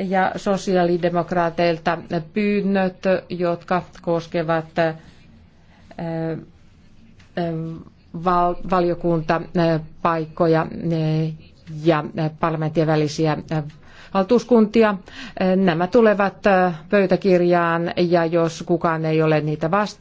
ja sosiaalidemokraateilta pyynnöt, jotka koskevat val- valiokuntapaikkoja ja parlamenttien välisiä valtuuskuntia. Nämä tulevat pöytäkirjaan ja jos kukaan ei ole niitä vastaan,